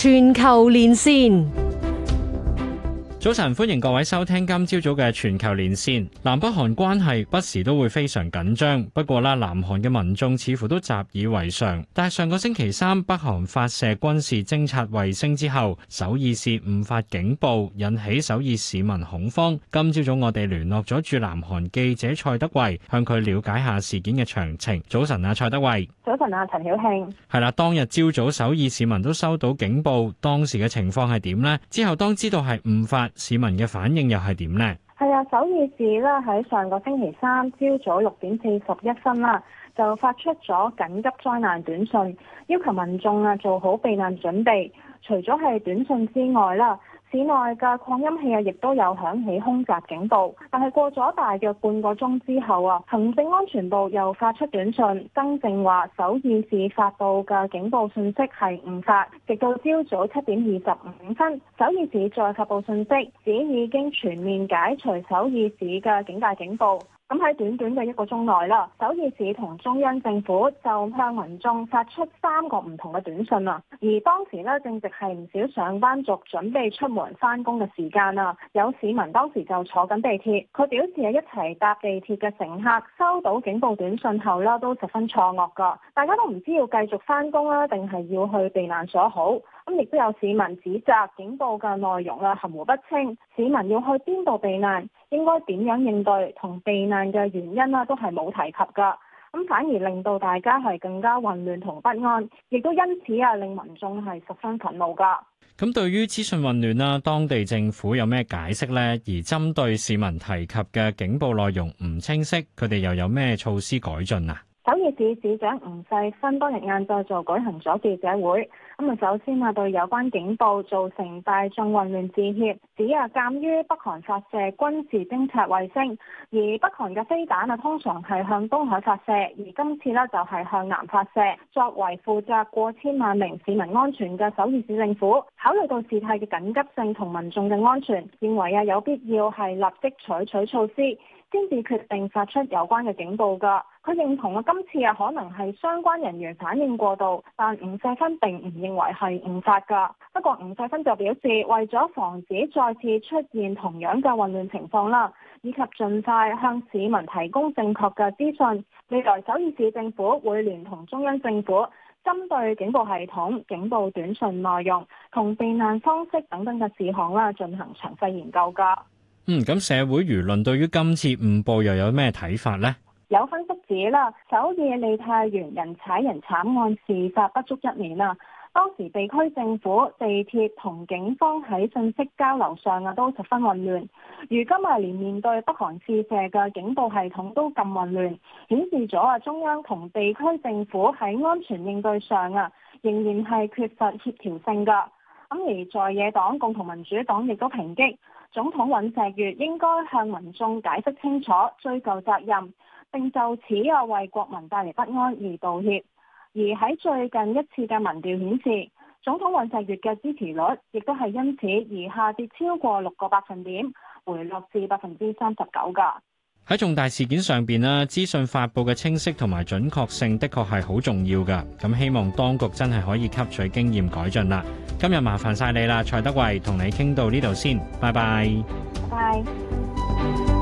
全球連線。早晨，歡迎各位收聽今朝早嘅全球連線。南北韓關係不時都會非常緊張，不過啦，南韓嘅民眾似乎都習以為常。但係上個星期三，北韓發射軍事偵察衛星之後，首爾市誤發警報，引起首爾市民恐慌。今朝早我哋聯絡咗駐南韓記者蔡德蕙，向佢了解一下事件嘅詳情。早晨啊，蔡德蕙。早晨啊，陳曉慶。係啦，當日朝早早首爾市民都收到警報，當時嘅情況係點呢？之後當知道係誤發，市民嘅反應又係點呢？係啊，首爾市咧喺上個星期三朝早六點四十一分啦，就發出咗緊急災難短信，要求民眾啊做好避難準備。除咗係短信之外啦，市內嘅擴音器啊，亦都有響起空襲警報，但係過咗大約半個鐘之後啊，行政安全部又發出短信更正話，首爾市發布嘅警報信息係誤發，直到朝早七點二十五分，首爾市再發布信息，指已經全面解除首爾市嘅警戒警報。咁喺短短嘅一個鐘內啦，首爾市同中央政府就向民眾發出三個唔同嘅短信啦。而當時咧，正值係唔少上班族準備出門翻工嘅時間啦。有市民當時就坐緊地鐵，佢表示係一齊搭地鐵嘅乘客收到警報短信後啦，都十分錯愕噶。大家都唔知要繼續翻工啦，定係要去避難所好。咁亦都有市民指責警報嘅內容啦，含糊不清，市民要去邊度避難，應該點樣應對同避難嘅原因啦，都係冇提及㗎，咁反而令到大家係更加混亂同不安，亦都因此啊令民眾係十分憤怒㗎。咁對於資訊混亂啊，當地政府有咩解釋呢？而針對市民提及嘅警報內容唔清晰，佢哋又有咩措施改進啊？首爾市市長吳世勳當日晏晝就舉行咗記者會，咁啊首先啊對有關警報造成大眾混亂致歉，指啊鑑於北韓發射軍事偵察衛星，而北韓嘅飛彈啊通常係向東海發射，而今次呢就係向南發射。作為負責過千萬名市民安全嘅首爾市政府，考慮到事態嘅緊急性同民眾嘅安全，認為啊有必要係立即採取，取措施，先至決定發出有關嘅警報噶。我認同啊，今次啊可能係相關人員反應過度，但吳世勳並唔認為係誤發㗎。不過吳世勳就表示，為咗防止再次出現同樣嘅混亂情況啦，以及盡快向市民提供正確嘅資訊，未來首爾市政府會聯同中央政府，針對警報系統、警報短信內容同避難方式等等嘅事項啦，進行詳細研究㗎。嗯，咁社會輿論對於今次誤報又有咩睇法呢？有分析指啦，首爾梨泰院人踩人慘案事發不足一年啊，當時地區政府、地鐵同警方喺信息交流上啊都十分混亂。如今啊，連面對北韓試射嘅警報系統都咁混亂，顯示咗啊中央同地區政府喺安全應對上啊仍然係缺乏協調性㗎。咁而在野黨共同民主黨亦都抨擊總統尹錫悅應該向民眾解釋清楚、追究責任。並就此啊為國民帶嚟不安而道歉，而喺最近一次嘅民調顯示，總統尹錫悅嘅支持率亦都係因此而下跌超過六個百分點，回落至百分之三十九噶。喺重大事件上邊咧，資訊發佈嘅清晰同埋準確性的確係好重要噶。咁希望當局真係可以吸取經驗改進啦。今日麻煩晒你啦，蔡德蕙，同你傾到呢度先，拜拜。拜。